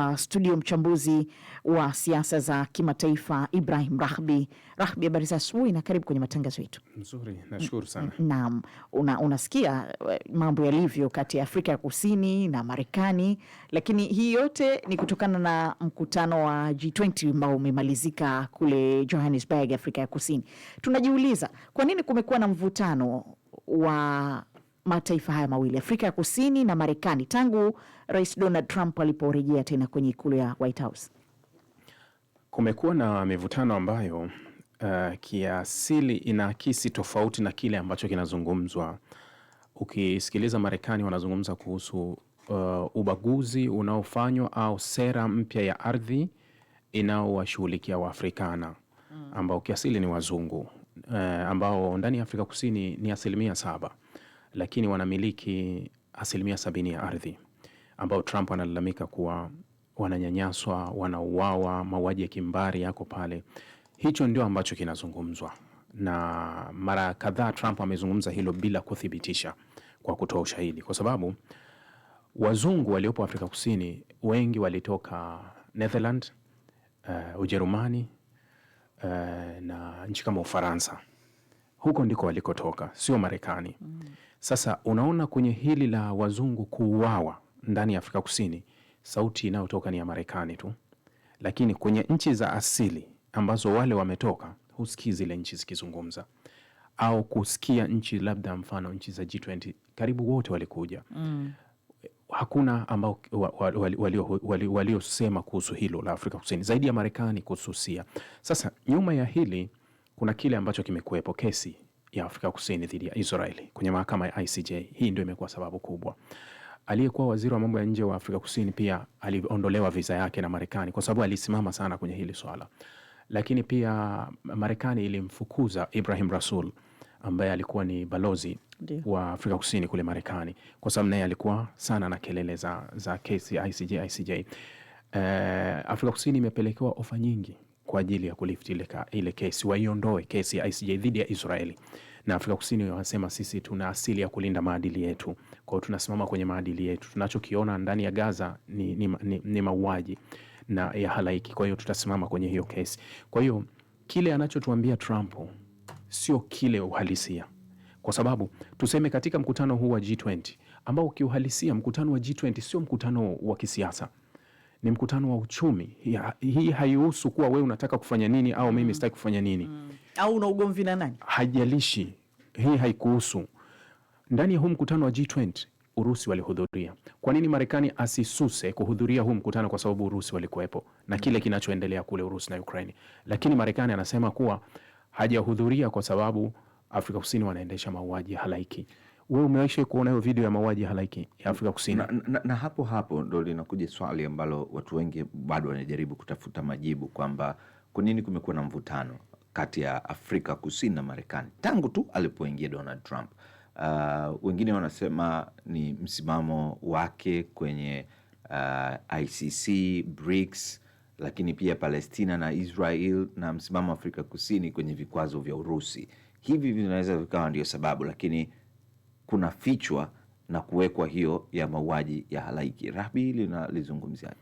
hapa studio mchambuzi wa siasa za kimataifa Ibrahim Rahbi. Rahbi, habari za asubuhi na karibu kwenye matangazo yetu. Mzuri, nashukuru sana. Mm, naam, una, unasikia eh, mambo yalivyo kati ya Afrika ya Kusini na Marekani, lakini hii yote ni kutokana na mkutano wa G20 ambao umemalizika kule Johannesburg, Afrika ya Kusini. Tunajiuliza kwa nini kumekuwa na mvutano wa mataifa haya mawili Afrika ya Kusini na Marekani tangu Rais Donald Trump aliporejea tena kwenye ikulu ya White House? Kumekuwa na mivutano ambayo uh, kiasili inaakisi tofauti na kile ambacho kinazungumzwa. Ukisikiliza Marekani wanazungumza kuhusu uh, ubaguzi unaofanywa au sera mpya ya ardhi inaowashughulikia Waafrikana mm. ambao kiasili ni wazungu uh, ambao ndani ya Afrika Kusini ni asilimia saba lakini wanamiliki asilimia sabini ya ardhi ambao Trump analalamika kuwa wananyanyaswa, wanauawa, mauaji ya kimbari yako pale. Hicho ndio ambacho kinazungumzwa na mara kadhaa Trump amezungumza hilo bila kuthibitisha kwa kutoa ushahidi, kwa sababu wazungu waliopo Afrika Kusini wengi walitoka Netherland, uh, eh, Ujerumani, uh, na nchi kama Ufaransa. Huko ndiko walikotoka, sio Marekani. Sasa unaona kwenye hili la wazungu kuuawa ndani ya Afrika Kusini, sauti inayotoka ni ya Marekani tu, lakini kwenye nchi za asili ambazo wale wametoka husikii zile nchi zikizungumza au kusikia nchi labda mfano nchi za G20 karibu wote walikuja. mm. Hakuna ambao waliosema wali, wali kuhusu hilo la Afrika Kusini zaidi ya Marekani kususia. Sasa nyuma ya hili kuna kile ambacho kimekuwepo, kesi ya Afrika Kusini dhidi ya Israeli kwenye mahakama ya ICJ. Hii ndio imekuwa sababu kubwa. Aliyekuwa waziri wa mambo ya nje wa Afrika Kusini pia aliondolewa visa yake na Marekani kwa sababu alisimama sana kwenye hili swala, lakini pia Marekani ilimfukuza Ibrahim Rasul ambaye alikuwa ni balozi Dio. wa Afrika Kusini kule Marekani kwa sababu naye alikuwa sana na kelele za, za kesi ICJ, ICJ. Uh, eh, Afrika Kusini imepelekewa ofa nyingi kwa ajili ya kulifti ile kesi, waiondoe kesi ya ICJ dhidi ya Israeli. Na Afrika Kusini wanasema sisi tuna asili ya kulinda maadili yetu, kwa hiyo tunasimama kwenye maadili yetu. Tunachokiona ndani ya Gaza ni, ni, ni, ni mauaji na ya halaiki, kwa hiyo tutasimama kwenye hiyo kesi. Kwa hiyo kile anachotuambia Trump sio kile uhalisia, kwa sababu tuseme katika mkutano huu wa G20 ambao ukiuhalisia mkutano wa G20 sio mkutano wa kisiasa ni mkutano wa uchumi. Hii haihusu kuwa wewe unataka kufanya nini au mimi mm. sitaki kufanya nini mm. au una ugomvi na nani, haijalishi. Hii haikuhusu. Ndani ya huu mkutano wa G20 Urusi walihudhuria. Kwa nini Marekani asisuse kuhudhuria huu mkutano? Kwa sababu Urusi walikuwepo na kile mm-hmm. kinachoendelea kule Urusi na Ukraini, lakini Marekani anasema kuwa hajahudhuria kwa sababu Afrika Kusini wanaendesha mauaji ya halaiki we umewaisha kuona hiyo video ya mauaji ya halaiki ya Afrika Kusini? Na, na, na hapo hapo ndo linakuja swali ambalo watu wengi bado wanajaribu kutafuta majibu kwamba kwa nini kumekuwa na mvutano kati ya Afrika Kusini na Marekani tangu tu alipoingia Donald Trump. Uh, wengine wanasema ni msimamo wake kwenye uh, ICC, BRICS, lakini pia Palestina na Israel na msimamo wa Afrika Kusini kwenye vikwazo vya Urusi. Hivi vinaweza vikawa ndio sababu, lakini kunafichwa na kuwekwa hiyo ya mauaji ya halaiki. Rahbi hili linalizungumziaje?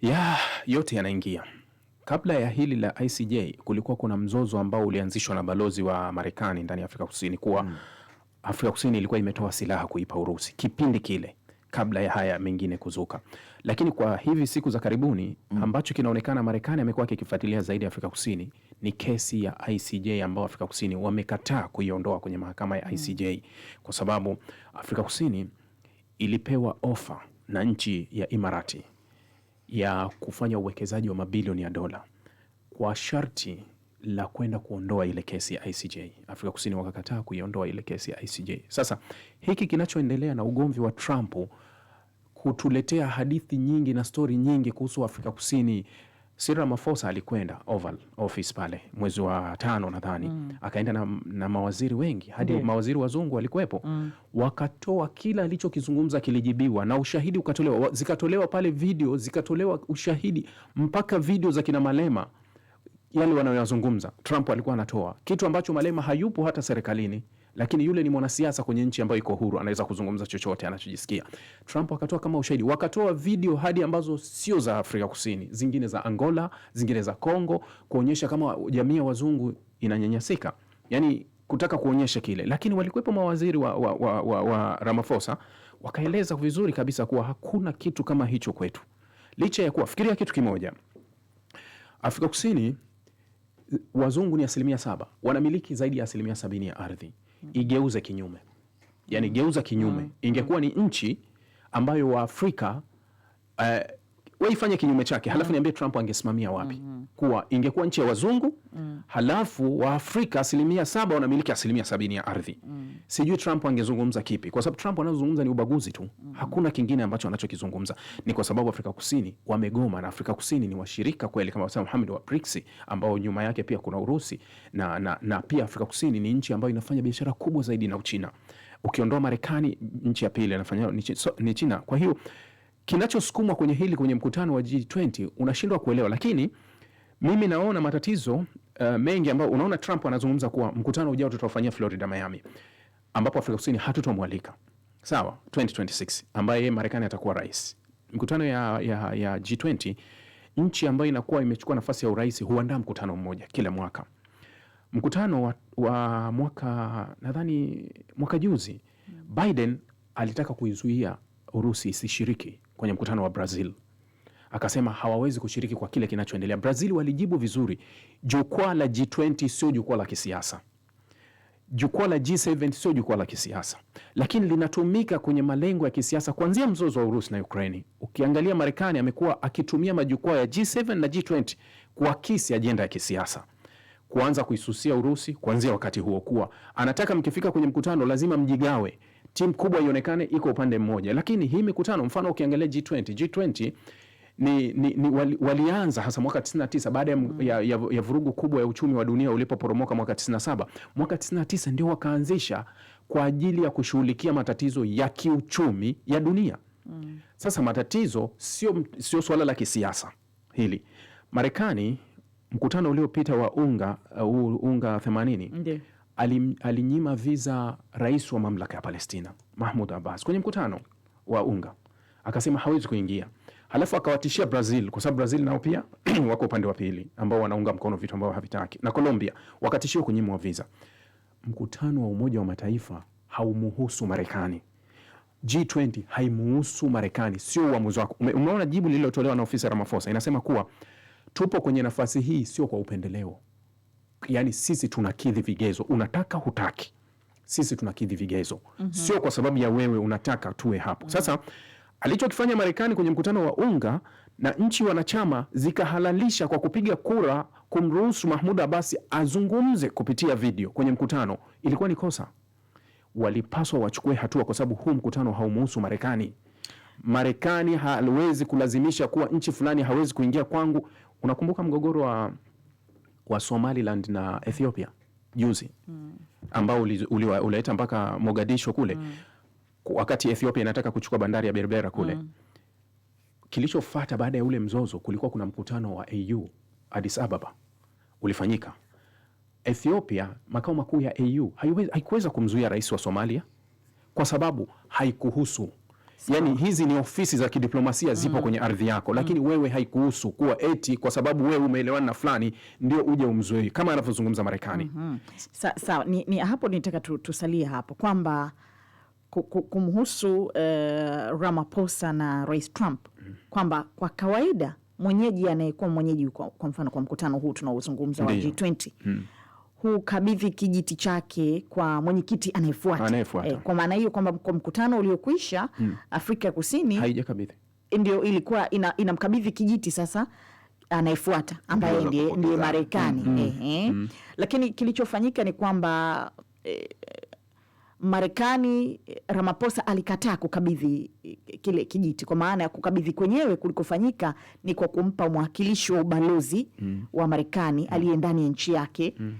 Ya yote yanaingia. Kabla ya hili la ICJ kulikuwa kuna mzozo ambao ulianzishwa na balozi wa Marekani ndani ya Afrika Kusini kuwa mm. Afrika Kusini ilikuwa imetoa silaha kuipa Urusi kipindi kile kabla ya haya mengine kuzuka, lakini kwa hivi siku za karibuni mm. ambacho kinaonekana Marekani amekuwa akikifuatilia zaidi Afrika Kusini ni kesi ya ICJ ambao Afrika Kusini wamekataa kuiondoa kwenye mahakama ya ICJ mm. kwa sababu Afrika Kusini ilipewa ofa na nchi ya Imarati ya kufanya uwekezaji wa mabilioni ya dola kwa sharti la kwenda kuondoa ile kesi ya ICJ. Afrika Kusini wakakataa kuiondoa ile kesi ya ICJ. Sasa hiki kinachoendelea na ugomvi wa Trump kutuletea hadithi nyingi na stori nyingi kuhusu Afrika Kusini Cyril Ramaphosa alikwenda Oval Office pale mwezi wa tano nadhani mm. akaenda na, na mawaziri wengi hadi yeah. mawaziri wazungu walikuwepo mm. wakatoa kila alichokizungumza kilijibiwa na ushahidi ukatolewa, zikatolewa pale video zikatolewa ushahidi mpaka video za kina Malema yale wanayoyazungumza Trump alikuwa anatoa kitu ambacho Malema hayupo hata serikalini lakini yule ni mwanasiasa kwenye nchi ambayo iko huru, anaweza kuzungumza chochote anachojisikia. Trump akatoa kama ushahidi, wakatoa video hadi ambazo sio za Afrika Kusini, zingine za Angola, zingine za Congo, kuonyesha kama jamii ya wazungu inanyanyasika, yani kutaka kuonyesha kile. Lakini walikuwepo mawaziri wa, wa, wa, wa, wa Ramaphosa wakaeleza vizuri kabisa kuwa hakuna kitu kama hicho kwetu, licha ya kuwa, fikiria kitu kimoja, Afrika Kusini wazungu ni asilimia saba, wanamiliki zaidi ya asilimia sabini ya ardhi igeuze kinyume, yani geuza kinyume. Mm. Ingekuwa ni nchi ambayo Waafrika afrika eh, waifanye kinyume chake, halafu mm. niambie Trump angesimamia wapi? mm -hmm. kuwa ingekuwa nchi ya wazungu mm. halafu Waafrika asilimia saba wanamiliki asilimia sabini ya ardhi mm. sijui Trump angezungumza kipi? Kwa sababu Trump anazozungumza ni ubaguzi tu mm -hmm. hakuna kingine ambacho anachokizungumza. Ni kwa sababu Afrika Kusini wamegoma, na Afrika Kusini ni washirika kweli kama sema Muhamed wa BRICS, ambao nyuma yake pia kuna Urusi na, na, na pia Afrika Kusini ni nchi ambayo inafanya biashara kubwa zaidi na Uchina. Ukiondoa Marekani, nchi ya pili inafanya ni China. Kwa hiyo kinachosukumwa kwenye hili kwenye mkutano wa G20 unashindwa kuelewa, lakini mimi naona matatizo uh, mengi ambayo unaona Trump anazungumza kuwa mkutano ujao tutafanyia Florida Miami, ambapo Afrika Kusini hatutomwalika sawa, 2026 ambaye Marekani atakuwa rais. Mkutano ya, ya, ya G20, nchi ambayo inakuwa imechukua nafasi ya urais huandaa mkutano mmoja kila mwaka. Mkutano wa, wa mwaka nadhani mwaka juzi Biden alitaka kuizuia Urusi isishiriki kwenye mkutano wa Brazil akasema hawawezi kushiriki kwa kile kinachoendelea Brazil. Walijibu vizuri, jukwaa la G20 sio jukwaa la kisiasa, jukwaa la G7 sio jukwaa la kisiasa, lakini linatumika kwenye malengo ya kisiasa kuanzia mzozo wa Urusi na Ukraini. Ukiangalia, Marekani amekuwa akitumia majukwaa ya G7 na G20 kuakisi ajenda ya kisiasa kuanza kuisusia Urusi kuanzia wakati huo, kuwa anataka mkifika kwenye mkutano lazima mjigawe timu kubwa ionekane iko upande mmoja, lakini hii mikutano, mfano ukiangalia G20, G20 ni, ni, ni wali, walianza hasa mwaka 99 baada mm. ya, ya, ya vurugu kubwa ya uchumi wa dunia ulipoporomoka mwaka 97. Mwaka 99 ndio wakaanzisha kwa ajili ya kushughulikia matatizo ya kiuchumi ya dunia mm. Sasa matatizo sio, sio swala la kisiasa hili. Marekani mkutano uliopita wa unga uh, unga 80 alim, alinyima viza rais wa mamlaka ya Palestina Mahmud Abbas kwenye mkutano wa UNGA akasema hawezi kuingia, halafu akawatishia Brazil kwa sababu Brazil nao pia wako upande wa pili ambao wanaunga mkono vitu ambavyo havitaki, na Colombia wakatishiwa kunyimwa viza. Mkutano wa Umoja wa Mataifa haumuhusu Marekani. G20 haimuhusu Marekani, sio uamuzi wako. umeona jibu lililotolewa na ofisa Ramaphosa, inasema kuwa tupo kwenye nafasi hii sio kwa upendeleo yani sisi tunakidhi vigezo, unataka hutaki, sisi tunakidhi vigezo mm -hmm. Sio kwa sababu ya wewe unataka tuwe hapo mm -hmm. Sasa alichokifanya Marekani kwenye mkutano wa UNGA na nchi wanachama zikahalalisha kwa kupiga kura kumruhusu Mahmud Abbas azungumze kupitia video kwenye mkutano, ilikuwa ni kosa. Walipaswa wachukue hatua, kwa sababu huu mkutano haumuhusu Marekani. Marekani hawezi kulazimisha kuwa nchi fulani hawezi kuingia kwangu. Unakumbuka mgogoro wa wa Somaliland na Ethiopia juzi mm. ambao ulileta mpaka Mogadisho kule mm. wakati Ethiopia inataka kuchukua bandari ya Berbera kule mm. Kilichofuata baada ya ule mzozo, kulikuwa kuna mkutano wa AU Addis Ababa ulifanyika Ethiopia, makao makuu ya AU haikuweza kumzuia rais wa Somalia kwa sababu haikuhusu yani hizi ni ofisi za kidiplomasia zipo mm. kwenye ardhi yako, mm. lakini mm. wewe haikuhusu kuwa eti kwa sababu wewe umeelewana na fulani ndio uje umzuii kama anavyozungumza Marekani. mm -hmm. Sawa sa, ni, ni, hapo nitaka tusalie hapo kwamba kumhusu uh, Ramaphosa na Rais Trump mm. kwamba kwa kawaida mwenyeji anayekuwa mwenyeji kwa, kwa mfano kwa mkutano huu tunaozungumza wa G20 mm kukabidhi kijiti chake kwa mwenyekiti anayefuata e, kwa maana hiyo kwamba kwa mkutano uliokwisha hmm. Afrika ya Kusini haijakabidhi, ndio ilikuwa inamkabidhi ina kijiti sasa anayefuata ambaye ndiye Marekani mm, eh, mm. Lakini kilichofanyika ni kwamba eh, Marekani eh, Ramaphosa alikataa kukabidhi eh, kile kijiti, kwa maana ya kukabidhi kwenyewe kulikofanyika ni kwa kumpa mwakilishi wa ubalozi mm. wa Marekani hmm. aliye ndani ya nchi yake mm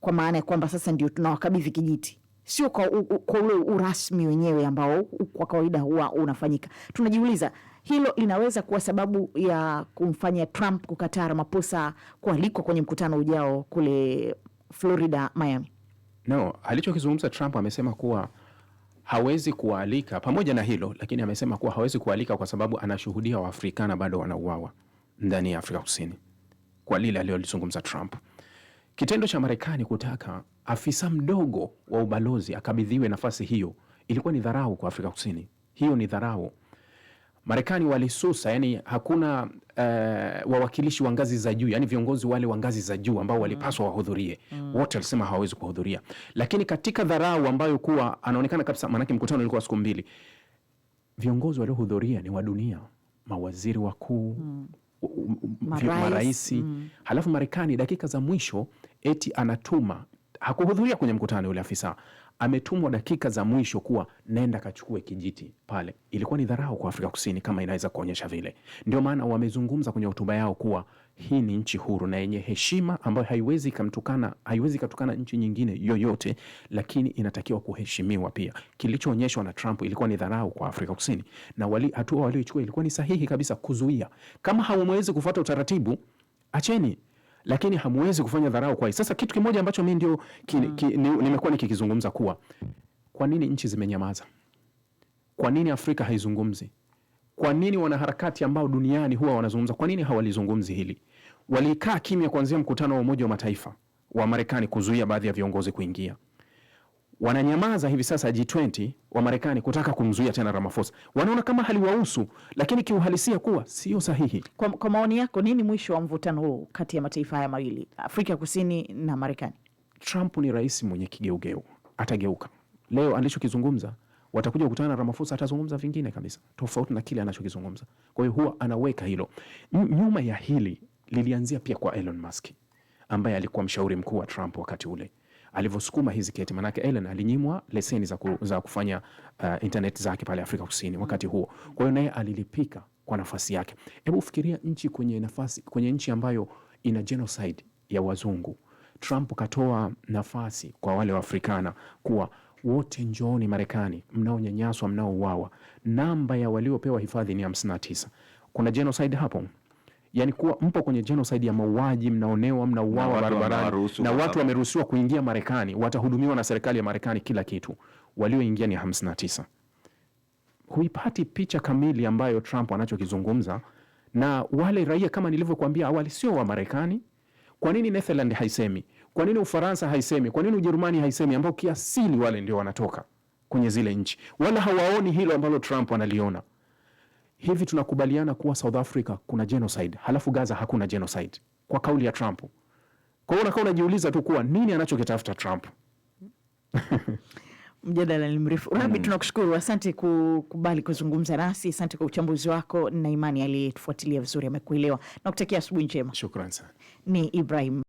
kwa maana ya kwamba sasa ndio tunawakabidhi kijiti, sio kwa, kwa ule urasmi wenyewe ambao kwa kawaida huwa unafanyika. Tunajiuliza hilo linaweza kuwa sababu ya kumfanya Trump kukataa Ramaphosa kualikwa kwenye mkutano ujao kule Florida, Miami. No, alichokizungumza Trump amesema kuwa hawezi kuwaalika pamoja na hilo lakini amesema kuwa hawezi kualika kwa sababu anashuhudia Waafrikana bado wanauawa ndani ya Afrika Kusini, kwa lile aliyolizungumza Trump. Kitendo cha Marekani kutaka afisa mdogo wa ubalozi akabidhiwe nafasi hiyo ilikuwa ni dharau kwa Afrika Kusini. Hiyo ni dharau. Marekani walisusa, yani hakuna uh, wawakilishi wa ngazi za juu, yani viongozi wale wa ngazi za juu ambao walipaswa mm. wahudhurie mm. wote walisema hawawezi kuhudhuria, lakini katika dharau ambayo kuwa anaonekana kabisa, maanake mkutano ulikuwa siku mbili, viongozi waliohudhuria ni wa dunia, mawaziri wakuu mm. marais, maraisi mm. halafu Marekani dakika za mwisho eti anatuma, hakuhudhuria kwenye mkutano yule afisa, ametumwa dakika za mwisho kuwa nenda kachukue kijiti pale. Ilikuwa ni dharau kwa Afrika Kusini kama inaweza kuonyesha vile. Ndio maana wamezungumza kwenye hotuba yao kuwa hii ni nchi huru na yenye heshima ambayo haiwezi ikamtukana, haiwezi ikatukana nchi nyingine yoyote, lakini inatakiwa kuheshimiwa pia. Kilichoonyeshwa na Trump ilikuwa ni dharau kwa Afrika Kusini, na wali, hatua walioichukua ilikuwa ni sahihi kabisa kuzuia. Kama hamwezi kufuata utaratibu, acheni lakini hamwezi kufanya dharau kwa hii. Sasa kitu kimoja ambacho mi ndio mm. ki, nimekuwa nikikizungumza kuwa kwa nini nchi zimenyamaza? Kwa nini Afrika haizungumzi? Kwa nini wanaharakati ambao duniani huwa wanazungumza, kwa nini hawalizungumzi hili? Walikaa kimya kuanzia mkutano wa Umoja wa Mataifa wa Marekani kuzuia baadhi ya viongozi kuingia wananyamaza hivi sasa G20 wa Marekani kutaka kumzuia tena Ramaphosa, wanaona kama haliwahusu, lakini kiuhalisia kuwa sio sahihi. Kwa, kwa maoni yako nini mwisho wa mvutano huu kati ya mataifa haya mawili Afrika Kusini na Marekani? Trump ni rais mwenye kigeugeu, atageuka. Leo alichokizungumza watakuja kukutana na Ramaphosa, atazungumza vingine kabisa tofauti na kile anachokizungumza. Kwa hiyo huwa anaweka hilo nyuma. Ya hili lilianzia pia kwa Elon Musk ambaye alikuwa mshauri mkuu wa Trump wakati ule alivyosukuma hizi keti, manake Ellen alinyimwa leseni za, ku, za kufanya uh, internet zake pale Afrika Kusini wakati huo, kwa hiyo naye alilipika kwa nafasi yake. Hebu fikiria nchi kwenye nafasi, kwenye nchi ambayo ina genocide ya wazungu, Trump katoa nafasi kwa wale Waafrikana kuwa wote njooni Marekani, mnaonyanyaswa, mnaouawa. Namba ya waliopewa hifadhi ni tisa Kuna genocide hapo? yani kuwa mpo kwenye genocide ya mauaji, mnaonewa, mnauawa barabarani na watu wameruhusiwa kuingia Marekani, watahudumiwa na serikali ya Marekani, kila kitu. Walioingia ni 59. Huipati picha kamili ambayo Trump anachokizungumza, na wale raia kama nilivyokuambia awali sio wa Marekani. Kwa nini Netherlands haisemi? Kwa nini Ufaransa haisemi? Kwa nini Ujerumani haisemi, ambao kiasili wale ndio wanatoka kwenye zile nchi? Wala hawaoni hilo ambalo Trump analiona hivi tunakubaliana kuwa South Africa kuna genocide, halafu Gaza hakuna genocide kwa kauli ya Trump. Kwa hiyo unakaa unajiuliza tu kuwa nini anachokitafuta Trump. Mjadala ni mrefu Rabi, mm. Tunakushukuru, asante kukubali kuzungumza nasi, asante kwa uchambuzi wako na imani aliyetufuatilia vizuri amekuelewa, na kutakia asubuhi njema. Shukran sana. Ni Ibrahim